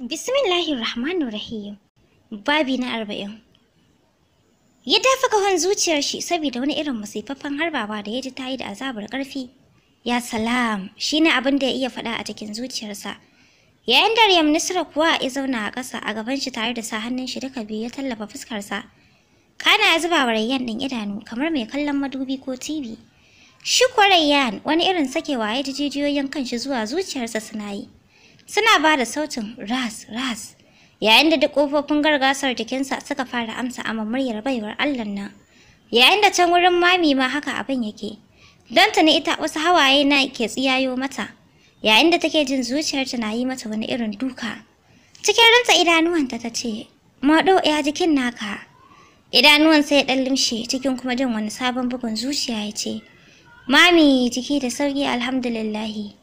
Bismillahir Rahmanir Rahim. Babi na arba'in. Ya dafa kahon zuciyar shi saboda wani irin musifaffan harbawa da ya ji ta da azabar ƙarfi. Ya salam, shi ne abin da ya iya faɗa a cikin zuciyarsa. Yayin da Riyam Nisra kuwa ya zauna a ƙasa a gaban shi tare da sa hannun shi duka biyu ya tallafa fuskarsa. Kana ya zuba wa Rayyan ɗin idanu kamar mai kallon madubi ko TV. Shi kuwa Rayyan wani irin sakewa ya ji jijiyoyin kanshi zuwa zuciyarsa suna yi. suna ba da sautin ras ras yayin da duk ƙofofin gargasar jikinsa suka fara amsa amma muryar baiwar Allah nan yayin da can wurin mami ma haka abin yake don tuni ita wasu hawaye na ke tsiyayo mata yayin da take jin zuciyarta na yi mata wani irin duka cikin ranta idanuwanta ta ce maɗo ya jikin naka idanuwan sai ya ɗan limshe cikin kuma jin wani sabon bugun zuciya ya ce mami jiki da sauki alhamdulillahi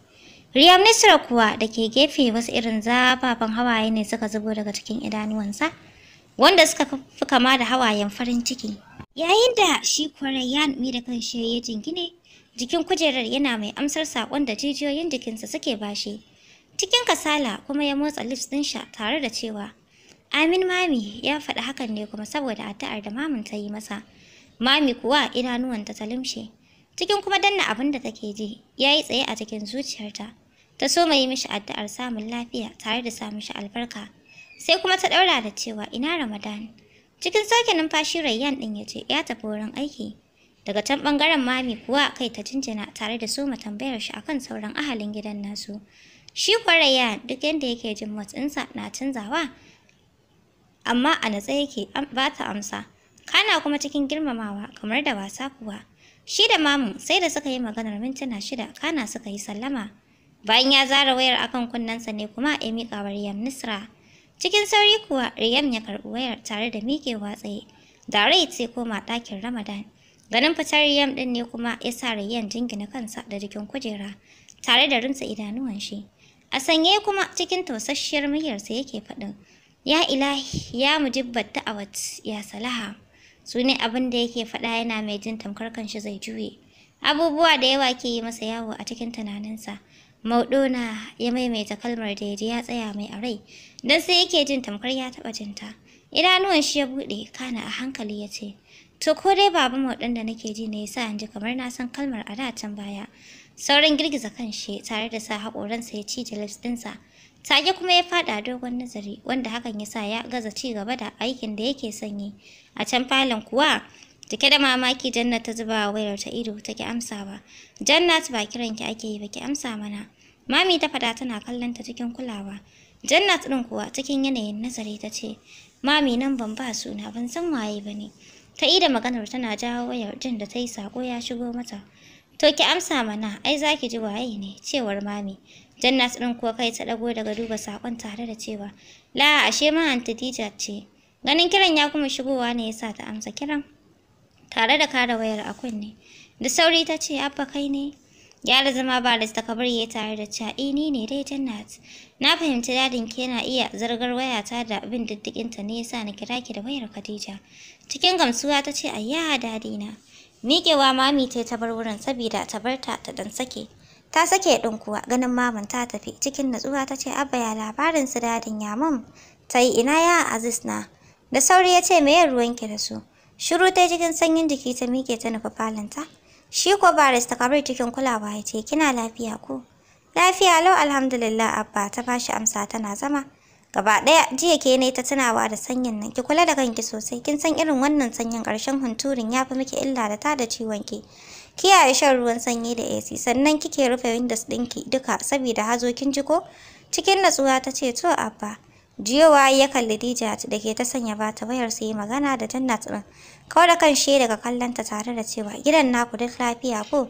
Nisra kuwa da ke gefe wasu irin zafafan hawaye ne suka zubo daga cikin idanuwansa, wanda suka fi kama da hawayen farin ciki. Yayin da shi kwarai ya numi da kan shi ya jingine, jikin kujerar yana mai amsar saƙon da jijiyoyin jikinsa suke bashi. Cikin kasala kuma ya motsa lips ɗinsa tare da cewa, Amin mami ya faɗi hakan ne kuma saboda addu'ar da mamin ta yi masa. Mami kuwa idanuwanta ta limshe. cikin kuma danna abin da take ji ya yi tsaye a cikin zuciyarta ta so mai mishi addu'ar samun lafiya tare da sa mishi albarka sai kuma ta ɗaura da cewa ina ramadan cikin sake numfashi rayyan ɗin ya ce ya tafi wurin aiki daga can ɓangaren mami kuwa kai ta jinjina tare da soma tambayar shi akan sauran ahalin gidan nasu shi kuwa rayyan duk yadda yake jin matsinsa na canzawa amma a natsa yake ba ta amsa kana kuma cikin girmamawa kamar da wasa kuwa Shi da mamu sai da suka yi maganar mintuna shida kana suka yi sallama. Bayan ya zara wayar akan kunnensa ne kuma ya miƙa wa Riyam Nisra. Cikin sauri kuwa Riyam ya karɓi wayar tare da miƙewa tsaye. Da rai ce koma ɗakin Ramadan. Ganin fitar Riyam ɗin ne kuma ya sa Riyam jingina kansa da jikin kujera tare da rinsa idanuwan shi. A sanye kuma cikin tausasshiyar muryarsa yake faɗin. Ya ilahi ya mujibbat da'awat ya salaha. su ne abin da yake faɗa yana mai jin tamkar kanshi zai juye abubuwa da yawa ke yi masa yawo a cikin tunaninsa maudona ya maimaita kalmar da ya tsaya mai a rai don sai yake jin tamkar ya taɓa jinta idanuwan shi ya buɗe kana a hankali ya ce to ko dai babu mauɗin da nake ji ne yasa in ji kamar na san kalmar a da can baya sauran girgiza kan shi tare da sa haƙoransa ya ci da ɗinsa Sage kuma ya fada dogon nazari wanda hakan ya sa ya gaza ci gaba da aikin da yake sanyi. A can falon kuwa Cike da mamaki Jannat ta zuba wayar ta ido take amsawa. Jannat ba kiran ki ake yi ba ki amsa mana. Mami ta fada tana kallon ta cikin kulawa. Jannat din kuwa cikin yanayin nazari ta ce, "Mami nan ban ba suna ban san waye bane." Ta ida maganar tana jawo wayar jin da ta yi sako ya shigo mata. To ki amsa mana, ai zaki ji waye ne, cewar mami. Jannat ɗin kuwa kai ta ɗago daga duba saƙon tare da cewa, La ashe ma Antitija ce. Ganin kiran ya kuma shigowa ne ya sa ta amsa kiran. Tare da kare wayar a kunne. Da sauri ta ce, Abba kai ne? Gyara zama ba da ta kabar ya tare da cewa, E, ni ne dai Jannat. Na fahimci dadin ke yana iya zargar waya ta da abin diddiginta ne ya sa na kira ki da wayar Khadija. Cikin gamsuwa ta ce, Ayya dadi na. Miƙewa mami ta ta bar wurin saboda ta bar ta ta dan sake. Ta sake dinkuwa ganin maman ta tafi cikin natsuwa ta ce abba ya labarin su dadin ya mam. Ta yi ina ya Aziz na. Da sauri ya ce me ruwanki da su. Shiru ta cikin sanyin jiki ta mike ta nufi falonta. Shi ko baris ta kabar cikin kulawa ya ce kina lafiya ko? Lafiya lau alhamdulillah abba ta bashi amsa tana zama. Gaba ɗaya jiya ke ne ta tunawa da sanyin nan ki kula da kanki sosai kin san irin wannan sanyin ƙarshen hunturin ya fi miki illa da ta da ciwon ki. kiyaye shan ruwan sanyi da AC sannan kike rufe windows ɗinki duka saboda hazo kin ji ko cikin natsuwa ta ce to abba jiyowa ya kalli Dijat da ke ta sanya bata wayar sai magana da Jannat ɗin kawai da kan shi daga kallonta tare da cewa gidan naku duk lafiya ko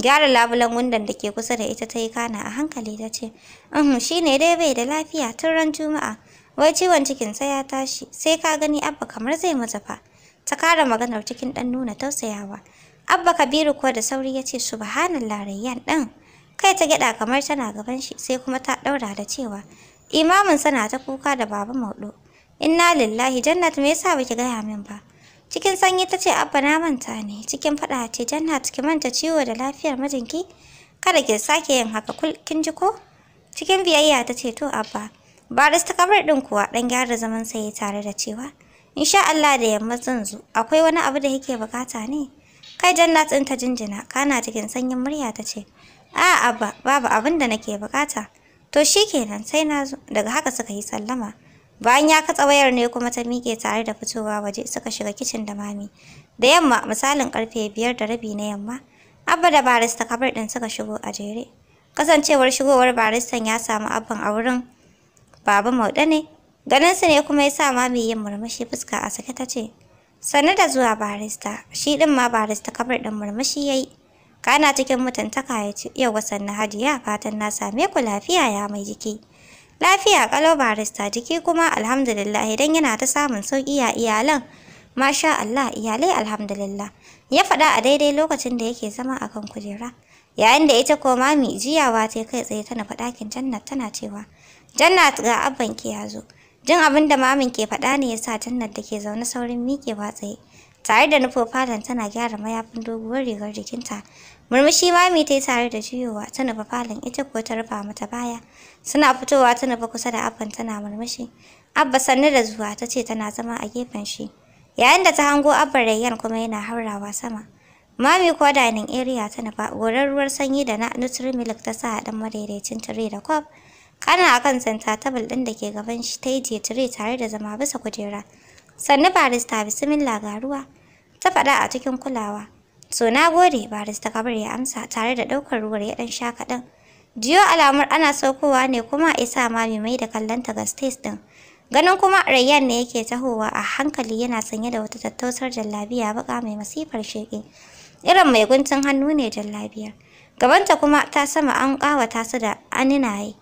gyara labulen wundan da ke kusa da ita ta yi kana a hankali ta ce uhm shine dai bai da lafiya tun ran juma'a wai ciwon cikinsa ya tashi sai ka gani abba kamar zai mata fa ta kara maganar cikin ɗan nuna tausayawa Abba Kabiru kuwa da sauri ya ce subhanallah Rayyan ɗan? Kai ta gyaɗa kamar tana gaban shi sai kuma ta ɗaura da cewa imamin sana ta kuka da baba maudu Inna lillahi Jannat me yasa baki gaya min ba? Cikin sanyi ta ce Abba na manta ne. Cikin fada ce Jannat ki manta ciwo da lafiyar mijinki. Kada ki sake yin haka kul kin ji ko? Cikin biyayya ta ce to Abba. Baris ta kabar ɗin kuwa Dan gyara zaman sai tare da cewa. Insha Allah da yamma zan zo. Akwai wani abu da yake bukata ne? Kai janna ɗin ta jinjina, kana cikin sanyin murya ta ce, A'a abba, babu abin da nake bukata. To shi kenan sai na zo, daga haka suka yi sallama. Bayan ya katsa wayar ne kuma ta mike tare da fitowa waje suka shiga kicin da mami. Da yamma misalin karfe biyar da rabi na yamma, abba da barista kabar din suka shigo a jere. Kasancewar shigowar baristan ya samu abban a wurin Baba Mauɗa ne, su ne kuma ya sa mami yin murmushi fuska a sake ta ce, Sannu da zuwa barista, shi ɗin ma barista kamar ɗin murmushi yayi Kana cikin mutuntaka ya yau yau na hajiya fatan na same ku lafiya ya mai jiki. Lafiya kalau barista jiki kuma alhamdulillah idan yana ta samun sauƙi ya iyalan. Masha Allah iyalai alhamdulillah. Ya faɗa a daidai lokacin da yake zama akan kujera. Yayin da ita ko mami jiyawa ta kai tsaye tana faɗakin Jannat tana cewa, Jannat ga ki ya zo. Jin abin da mamin ke faɗa ne ya sa tunan da ke zaune saurin miƙe tsaye. Tare da nufo falon tana gyara mayafin doguwar rigar jikinta. Murmushi mami ta yi tare da juyowa ta nufa falon ita ko ta rufa mata baya. Suna fitowa ta nufa kusa da abban tana murmushi. Abba sannu da zuwa ta ce tana zama a gefen shi. Yayin da ta hango abban Rayyan kuma yana haurawa sama. Mami kuwa dining area ta nufa gorar ruwar sanyi da na nutri milk ta sa a ɗan madaidaicin tire da kwaf. Kana akan santa tabul ɗin da ke gaban shi ta yi tire tare da zama bisa kujera. Sannu barista bismillah ga ruwa. Ta faɗa a cikin kulawa. So na gode barista kabir ya amsa tare da ɗaukar ruwar ya ɗan sha kaɗan. Jiyo alamar ana saukowa ne kuma isa ma mai da kallonta ga stage ɗin. Ganin kuma Rayyan ne yake tahowa a hankali yana sanye da wata tattausar jallabiya baka mai masifar sheƙi. Irin mai guntun hannu ne jallabiyar. Gabanta kuma ta sama an ƙawata su da aninaye.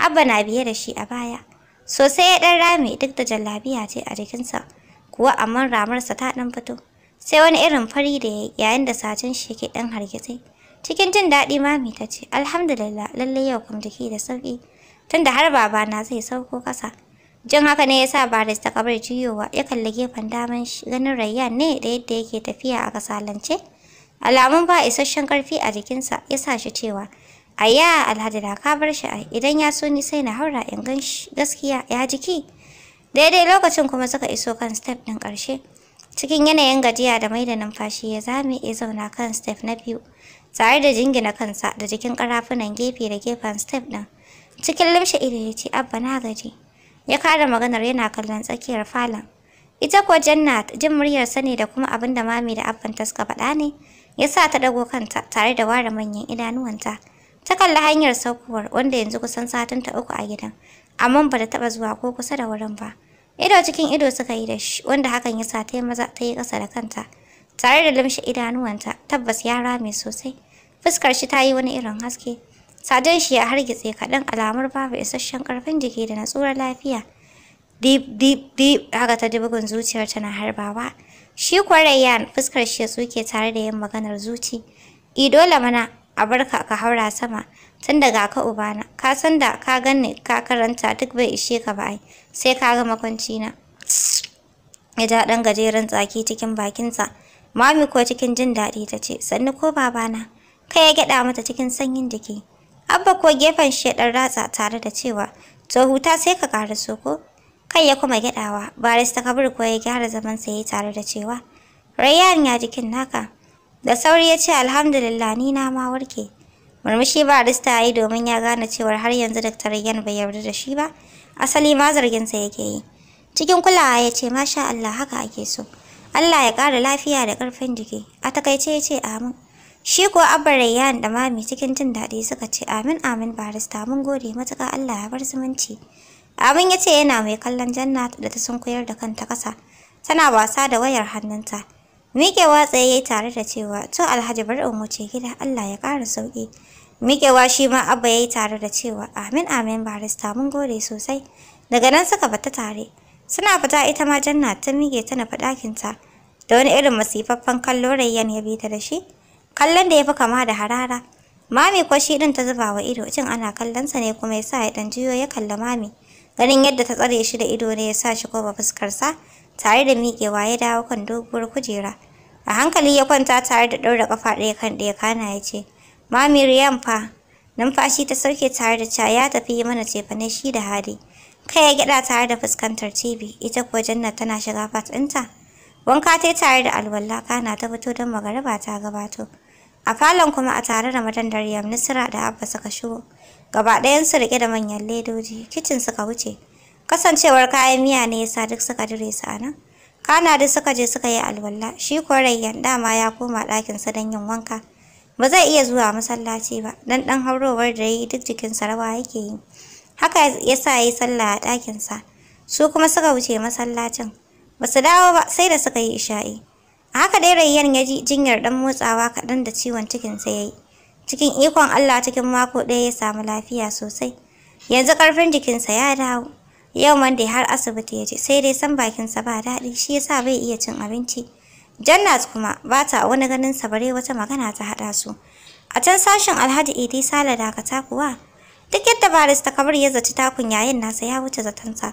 Abba na biye da shi a baya. Sosai ya ɗan rame duk da jallabiya ce a jikinsa, kuwa amma ramarsa ta ɗan fito. Sai wani irin fari da ya yayin da satin shi yake ɗan hargitsi Cikin jin daɗi mami ta ce, Alhamdulillah, lallai yau kam jiki da sauƙi, tunda har na zai sauko kasa Jin haka ne ya sa ta kabar juyowa ya kalli gefen daman shi ganin Rayyan ne da yadda yake tafiya a kasalance. Alamun ba isasshen ƙarfi a jikinsa ya sa shi cewa Aya Alhaji da ka bar shi ai idan ya so ni sai na haura in gan gaskiya ya jiki. Daidai lokacin kuma suka iso kan step ɗin ƙarshe. Cikin yanayin gajiya da mai da numfashi ya zame ya zauna kan step na biyu tare da jingina kansa da jikin ƙarafunan gefe da gefen step ɗin. Cikin limshe ido ya ce abba na gaji. Ya kara maganar yana kallon tsakiyar falon. Ita ko Jannat jin muryar ne da kuma abin da mami da abban ta suka faɗa ne, ya sa ta ɗago kanta tare da ware manyan idanuwanta Ta kalli hanyar saukowar wanda yanzu kusan satin ta uku a gidan, amma ba ta taɓa zuwa ko kusa da wurin ba. Ido cikin ido suka yi da shi, wanda hakan ya sa ta yi maza ta yi ƙasa da kanta. Tare da limshe idanuwanta, tabbas ya rame sosai. Fuskar shi ta yi wani irin haske. Sajen shi ya hargitse kaɗan alamar babu isasshen karfin jiki da natsuwar lafiya. Dip, dip, dip, haka ta bugun zuciyar tana harbawa. Shi kuwa fuskar shi ya tsuke tare da yin maganar zuci. ido dole mana a barka ka haura sama tun daga ka ubana ka san da ka ganni ka karanta duk bai ishe ka ba ai sai ka ga makwanci na ya ja dan gajeren tsaki cikin bakinsa mami ko cikin jin daɗi ta ce sannu ko babana kai ya gyaɗa mata cikin sanyin jiki abba ko gefen shi ɗan ratsa tare da cewa to huta sai ka ƙara ko kai ya kuma gyaɗawa barista kabir ko ya gyara zaman sa yi tare da cewa rayyan ya jikin naka Da sauri ya ce alhamdulillah ni na ma warke. Murmushi ba Arista ya yi domin ya gane cewar har yanzu Dr. Yan bai yarda da shi ba, asali ma zarginsa yake yi. Cikin kulawa ya ce masha Allah haka ake so. Allah ya ƙara lafiya da ƙarfin jiki. A takaice ya ce amin. Shi ko Abba Rayyan da Mami cikin jin daɗi suka ce amin amin barista mun gode matuƙa Allah ya bar zumunci. Amin ya ce yana mai kallon Jannat da ta sunkuyar da kanta ƙasa. Tana wasa da wayar hannunta. Miƙewa tsaye ya yi tare da cewa, To Alhaji bari in wuce gida Allah ya ƙara sauƙi. Miƙewa shi ma Abba ya yi tare da cewa, Amin amin barista mun gode sosai. Daga nan suka bata tare. Suna fita ita ma Janna ta miƙe ta nufi ɗakinta. Da wani irin masifaffen kallo Rayyan ya bi ta da shi. Kallon da ya fi kama da harara. Mami kuwa shi ɗin ta zuba wa ido, jin ana kallonsa ne kuma ya sa ya ɗan juyo ya kalli mami. Ganin yadda ta tsare shi da ido ne ya sa shi koma fuskarsa. tare da miƙewa ya dawo kan doguwar kujera a hankali ya kwanta tare da ɗaura ƙafa ɗaya kan ɗaya kana ya ce ma riyan fa numfashi ta sauke tare da ca ya tafi yi mana cefane shi da hali kai ya gyaɗa tare da fuskantar tv ita kuwa janna tana shiga fat wanka ta tare da alwala kana ta fito don magaraba ta gabato a falon kuma a tare da madan daryam nisira da abba suka shigo gaba ɗayansu riƙe da manyan ledoji kicin suka wuce kasancewar kayan miya ne yasa duk suka dire su a nan kana da suka je suka yi alwala shi ko rayyan dama ya koma ɗakinsa don yin wanka ba zai iya zuwa masallaci ba dan dan haurowar da yi duk jikinsa rawa yake yi haka yasa yi sallah a ɗakinsa su kuma suka wuce masallacin ba su dawo ba sai da suka yi isha'i a haka dai rayyan ya ji jinyar dan motsawa kaɗan da ciwon cikinsa ya yi cikin ikon allah cikin mako ɗaya ya samu lafiya sosai yanzu ƙarfin jikinsa ya dawo Yau Monday har asibiti ya je, sai dai san bakinsa ba daɗi, shi yasa bai iya cin abinci. Jannat kuma ba ta wani ganin sa bare wata magana ta haɗa su. A can sashen Alhaji Idi Sale Dakata kuwa, duk yadda barista kabar ya zaci takun yayin nasa ya wuce sa.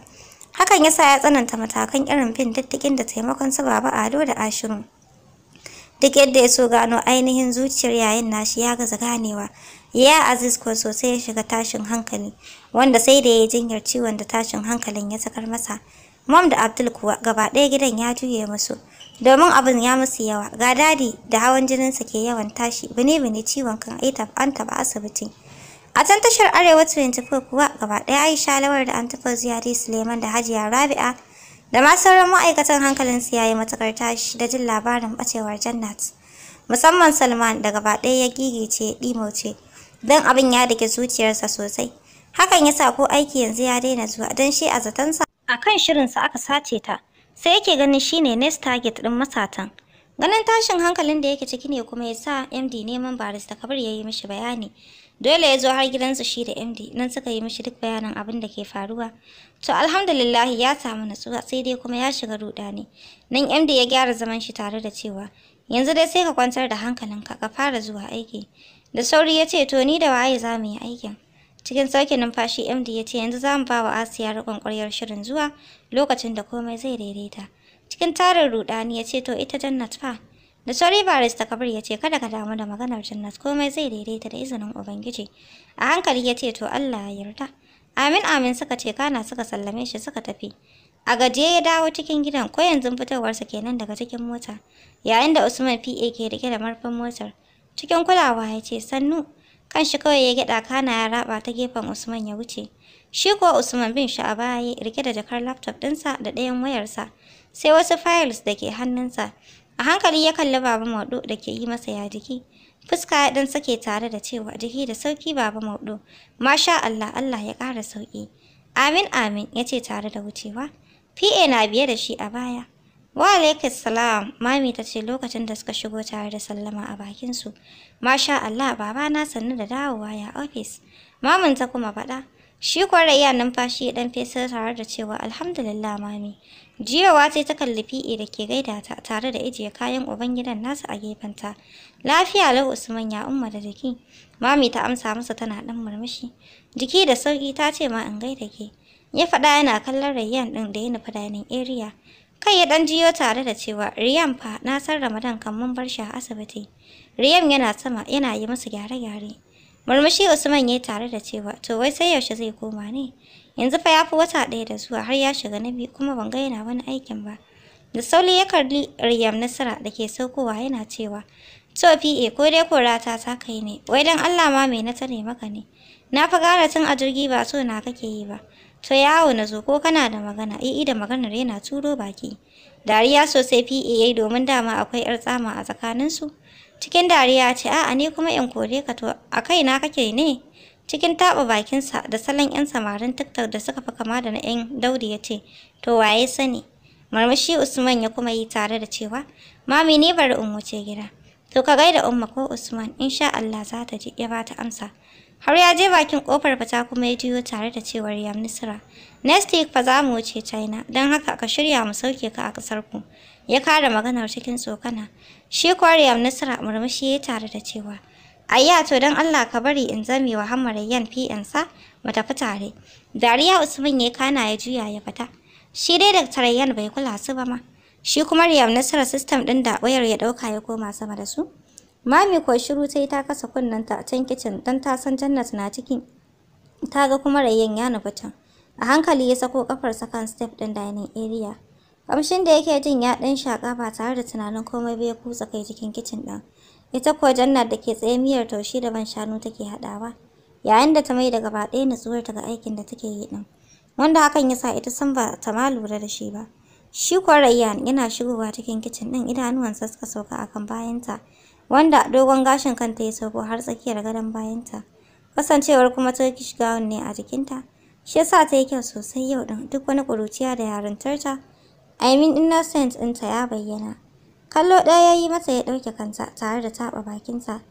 Hakan yasa ya tsananta matakan irin bin diddigin da taimakon su Baba Ado da Ashiru. Duk yadda ya so gano ainihin zuciyar yayin nashi ya gaza ganewa, ya Aziz ko sosai ya shiga tashin hankali. wanda sai da ya jinyar ciwon da tashin hankalin ya sakar masa mam da abdul kuwa gaba ɗaya gidan ya juye musu domin abin ya musu yawa ga dadi da hawan jininsa ke yawan tashi bine-bine ciwon kan aita an taɓa asibiti a can tashar arewa 24 kuwa gaba ɗaya aisha lawar da an tafa ziyari suleiman da hajiya rabi'a da ma sauran ma'aikatan hankalinsu ya yi matukar tashi da jin labarin bacewar jannat musamman salman da gaba ɗaya ya gigice ya ɗimauce don abin ya dake zuciyarsa sosai Hakan ya sa ko aiki yanzu ya daina zuwa don shi a zaton sa. A kan shirinsa aka sace ta, sai yake ganin shi ne next target ɗin masatan. Ganin tashin hankalin da yake ciki ne kuma ya sa MD neman barista kabir ya yi mishi bayani. Dole ya zo har gidansa shi da MD nan suka yi mishi duk bayanin abin da ke faruwa. To alhamdulillahi ya samu natsuwa sai dai kuma ya shiga rudani. Nan MD ya gyara zaman shi tare da cewa yanzu dai sai ka kwantar da hankalinka ka fara zuwa aiki. Da sauri ya ce to ni da waye za mu yi aikin. Cikin sauke numfashi MD ya ce yanzu za mu ba wa Asiya rikon ƙwaryar shirin zuwa lokacin da komai zai daidaita. Cikin tarin rudani ya ce to ita Jannat fa. Da sauri barista Kabir ya ce kada ka damu da maganar Jannat komai zai daidaita da izinin Ubangiji. A hankali ya ce to Allah ya yarda. Amin amin suka ce kana suka sallame shi suka tafi. A gajiye ya dawo cikin gidan ko yanzu fitowarsa kenan daga cikin mota. Yayin da Usman PA ke rike da marfin motar. Cikin kulawa ya ce sannu Kanshi kawai ya gyaɗa kana ya raba ta gefen Usman ya wuce. Shi kuwa Usman bin shi a rike da jakar laptop ɗinsa da ɗayan wayarsa, sai wasu files da ke hannunsa. A hankali ya kalli Baba Maudu da ke yi masa ya jiki. Fuska ya ɗan sake tare da cewa jiki da sauki Baba Maudu. Masha Allah, Allah ya ƙara sauki. Amin amin ya tare da wucewa. PA na biye da shi a baya. Wa alaikis mami ta ce lokacin da suka shigo tare da sallama a bakinsu. Masha Allah baba na sannu da dawowa ya ofis. Mamin ta kuma faɗa. Shi kuwa iya numfashi ya ɗan fesa tare da cewa alhamdulillah mami. Jiyowa sai ta kalli fi'i e da ke gaida ta tare da ijiye kayan ubangidan nasa a gefenta. Lafiya lau Usman ya umma da jiki. Mami ta amsa masa tana ɗan murmushi. Jiki da sauki ta ce ma in gaida ke. Ya faɗa yana kallon Rayyan ɗin da ya nufi dining area. Kai ya ɗan jiyo tare da cewa riyan fa na san Ramadan kan mun bar shi a asibiti. Riyam yana sama yana yi masa gyare-gyare. Murmushi Usman ya tare da cewa to wai sai yaushe zai koma ne? Yanzu fa ya fi wata ɗaya da zuwa har ya shiga na biyu kuma ban ga yana wani aikin ba. Da sauli ya karli Riyam Nasara da ke saukowa yana cewa to PA ko dai ko ta ta kai ne wai dan Allah ma me na tare maka ne. Na fa gara tun a jirgi ba so na kake yi ba. To yawo na zo ko kana da magana i'i e, e, da maganar yana turo baki. Dariya sosai fie yayi domin dama akwai 'yar tsama a tsakaninsu. su. Cikin dariya ce a'a ni kuma in kore ka to a kaina kake ne? Cikin taɓa bakinsa da salon 'yan samarin tiktok da suka fi kama da na 'yan daudi ya ce, to waye sani? Marmashi Usman ya kuma yi tare da cewa, mami ni bari in wuce gida. To ka gaida umma ko Usman, insha Allah za ta je ya ba ta amsa. har ya je bakin kofar fita kuma ya jiyo tare da cewar ya misira next week fa za mu wuce china don haka ka shirya mu sauke ka a kasar ku ya kara maganar cikin tsokana shi kwari riyam nasira murmushi ya tare da cewa ayya to don allah ka bari in zame wa hamarayyan pn sa mu tafi tare dariya usman ya kana ya juya ya fita shi dai da tarayyan bai kula su ba ma shi kuma riyam nasara system ɗin da wayar ya dauka ya koma sama da su Mami kuwa shiru ta ta kasa kunnen a can kicin don ta san Jannat na ciki. Ta ga kuma rayyan ya nufi can. A hankali ya sako kafar sa kan step ɗin dining area. Kamshin da yake jin ya ɗan shaƙa ba tare da tunanin komai ba ya kutsa kai cikin kicin ɗin. Ita kuwa Jannat da ke tsaye miyar taushe da ban shanu take haɗawa. Yayin da ta mai da gaba ɗaya nutsuwar ta ga aikin da take yi ɗin. Wanda hakan ya sa ita san ba ta ma lura da shi ba. Shi kuwa Rayyan yana shigowa cikin kicin ɗin idanuwansa suka sauka akan bayanta. wanda dogon gashin kanta ya sauko har tsakiyar gadon bayanta. Kasancewar kuma Turkish gown ne a jikinta, shi yasa ta yi kyau sosai yau ɗin duk wani ƙuruciya da yarintarta. I mean innocent ɗinta ya bayyana. Kallo ɗaya ya yi mata ya ɗauke kanta tare da taɓa bakinta,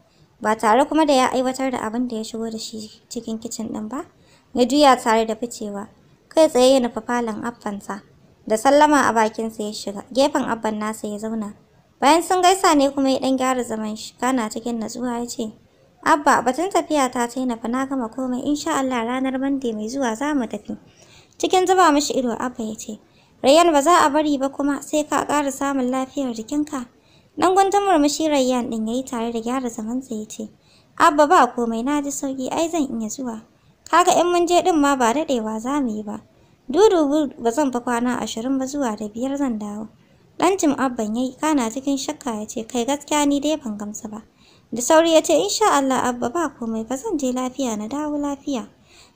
ba tare kuma da ya aiwatar da abin da ya shigo da shi cikin kicin ɗin ba, ya juya tare da ficewa. Kai tsaye ya nufa falon abbansa, da sallama a bakinsa ya shiga, gefen abban nasa ya zauna. Bayan sun gaisa ne kuma ya ɗan gyara zaman shi, kana cikin natsuwa ya ce, Abba, batun tafiya ta ce na na gama komai, insha Allah ranar Mande mai zuwa za mu tafi. Cikin zuba mashi ido Abba ya ce, Rayyan ba za a bari ba kuma sai ka ƙara samun lafiyar jikinka. Dan gwantan murmushi Rayyan ɗin ya yi tare da gyara zamansa ya ce, Abba ba komai na ji sauki. ai zan iya zuwa. Kaga in mun je ɗin ma ba daɗewa za mu yi ba. Dudu ba zan fa kwana ashirin ba zuwa da biyar zan dawo. Dan jim abban yayi kana cikin shakka ya ce kai gaskiya ni dai ban gamsu ba. Da sauri ya ce insha Allah abba ba komai ba zan je lafiya na dawo lafiya.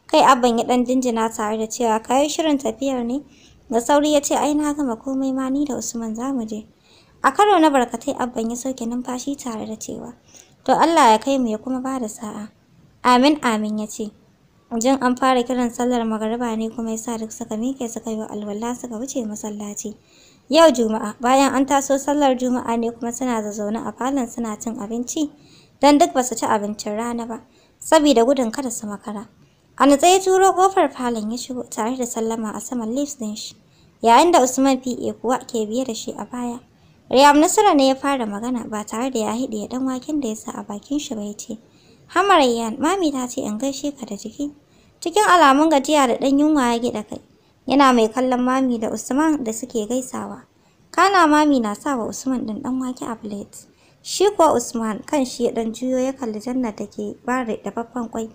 Kai abban ya dan jinjina tare da cewa kayan shirin tafiyar ne. Da sauri ya ce ai na gama komai ma ni da Usman za mu je. A karo na barkatai abban ya sauke numfashi tare da cewa to Allah ya kai mu ya kuma bada sa'a. Amin amin ya ce. Jin an fara kiran sallar magariba ne kuma ya sa duk suka miƙe suka yi alwala suka wuce masallaci. Yau Juma'a, bayan an taso sallar Juma'a ne kuma suna zaune a falon suna cin abinci, don duk ba su ci abincin rana ba, saboda gudun kada su makara. A natsa ya turo kofar falon ya shigo tare da sallama a saman lips din shi, yayin da Usman P.A. kuwa ke biye da shi a baya. Riyam Nasara ne ya fara magana ba tare da ya hiɗe ɗan waken da ya sa a bakin shi ba ya ce, Hamarayyan, mami ta ce in gaishe ka da jiki. Cikin alamun gajiya da ɗan yunwa ya gida kai. yana mai kallon mami da Usman da suke gaisawa. Kana mami na sa wa Usman ɗin ɗan wake a plate. Shi kuwa Usman kan shi ya ɗan juyo ya kalli Janna da ke bare da babban kwai.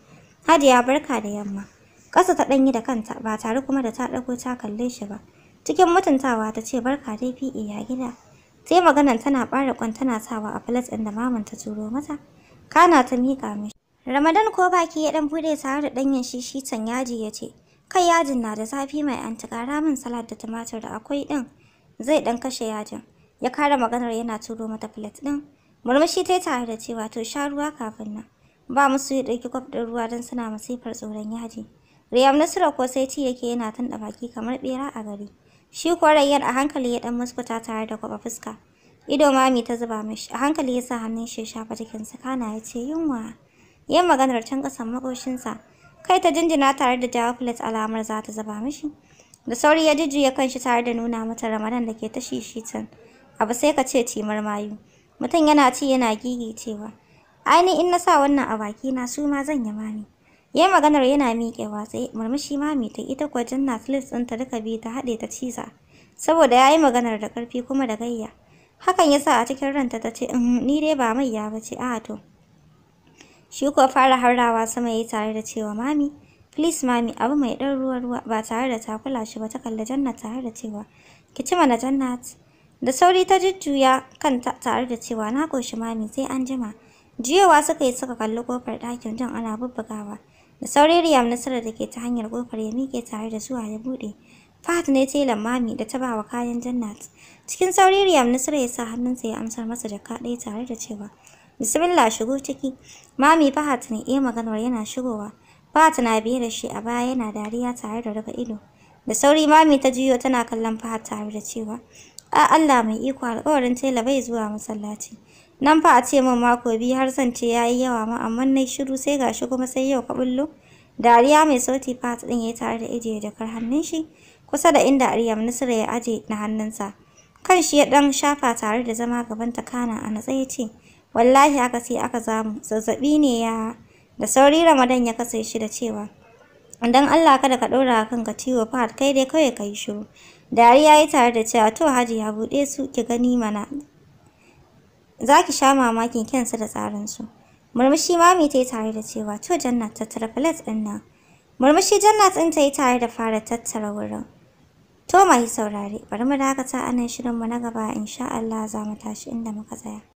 ya barka da yamma. Ƙasa ta ɗanyi da kanta ba tare kuma da ta ɗago ta kalle shi ba. Cikin mutuntawa ta ce barka dai fi'i ya gida. Sai maganan tana ɓare kwan tana sawa a plate ɗin da maman ta turo mata. Kana ta miƙa mishi. Ramadan ko baki ya ɗan buɗe tare da ɗanyen shi shi yaji yace. Kai yajin na da zafi mai anti gara min salad da tumatir da akwai ɗin. Zai ɗan kashe yajin. Ya kare maganar yana turo mata plate ɗin. Murmushi ta yi tare da cewa to sha ruwa kafin nan. Ba musu ya dauki kwaf ɗin ruwa dan suna masifar tsoron yaji. Riyam Nasira ko sai ci yake yana da baki kamar bera a gari. Shi ko rayyar a hankali ya dan muskuta tare da kwaba fuska. Ido mami ta zuba mishi, a hankali ya sa hannun shi ya shafa cikin kana ya ce yunwa. Yin maganar can kasan maƙoshinsa. kai ta jinjina tare da jawo alamar za ta zaba mishi da sauri ya jijjiya kanshi tare da nuna mata ramadan da ke ta can abu sai ka ce timar mayu mutum yana ci yana gigi cewa. aini in na sa wannan a baki na su ma zan yi mami ya yi maganar yana miƙewa tsaye murmushi mai ta ita na janna ɗin ta duka biyu ta haɗe ta ciza saboda ya yi maganar da ƙarfi kuma da gayya hakan ya sa a cikin ranta ta ce uhm, ni dai ba mai ya bace a to Shi fara haurawa sama ya yi tare da cewa mami, please mami abu mai ɗan ruwa-ruwa ba tare da ta kula shi ba ta kalla Jannat tare da cewa ki ci mana Jannat. Da sauri ta jujjuya kanta tare da cewa na koshi mami sai an jima. Jiyowa suka yi suka kalli kofar ɗakin jan ana bubbugawa. Da sauri Riyam Nasara da ke ta hanyar kofar ya miƙe tare da zuwa ya buɗe. Fahimta ne telan mami da ta bawa kayan Jannat. Cikin sauri Riyam Nasara ya sa hannunsa ya amsar masa jaka ɗaya tare da cewa Bismillah shigo ciki. Mami Fahat ne iya eh, maganar yana shigowa. Fahat na biye da shi a baya yana dariya tare da rufe ido. Da sauri mami ta jiyo tana kallon Fahat tare da cewa, "A Allah mai iko alƙawarin tela bai zuwa masallaci." Nan fa a ce min mako biyu har zan ce yayi yawa ma amma nai shiru sai gashi kuma sai yau ka bullo. Dariya mai sauti Fahat din yayi tare da ijiye jakar hannun shi kusa da inda aryam Nasira ya aje na hannunsa. Kan shi ya ɗan shafa tare da zama gaban ta kana a natsaye ce, wallahi aka sai aka zamu zazzabi ne ya da sauri ramadan ya kasa shi da cewa dan Allah kada ka ɗora kanka ciwo fahad kai dai kawai ka yi shiru dariya yi tare da cewa to haji ya buɗe su ki gani mana za sha mamakin kansa da tsarin su. murmushi mami ta yi tare da cewa to jannat tattara plate din nan murmushi jannat ɗin ta tare da fara tattara wurin to mai saurare bari mu dakata anan mu na gaba insha Allah za mu tashi inda muka tsaya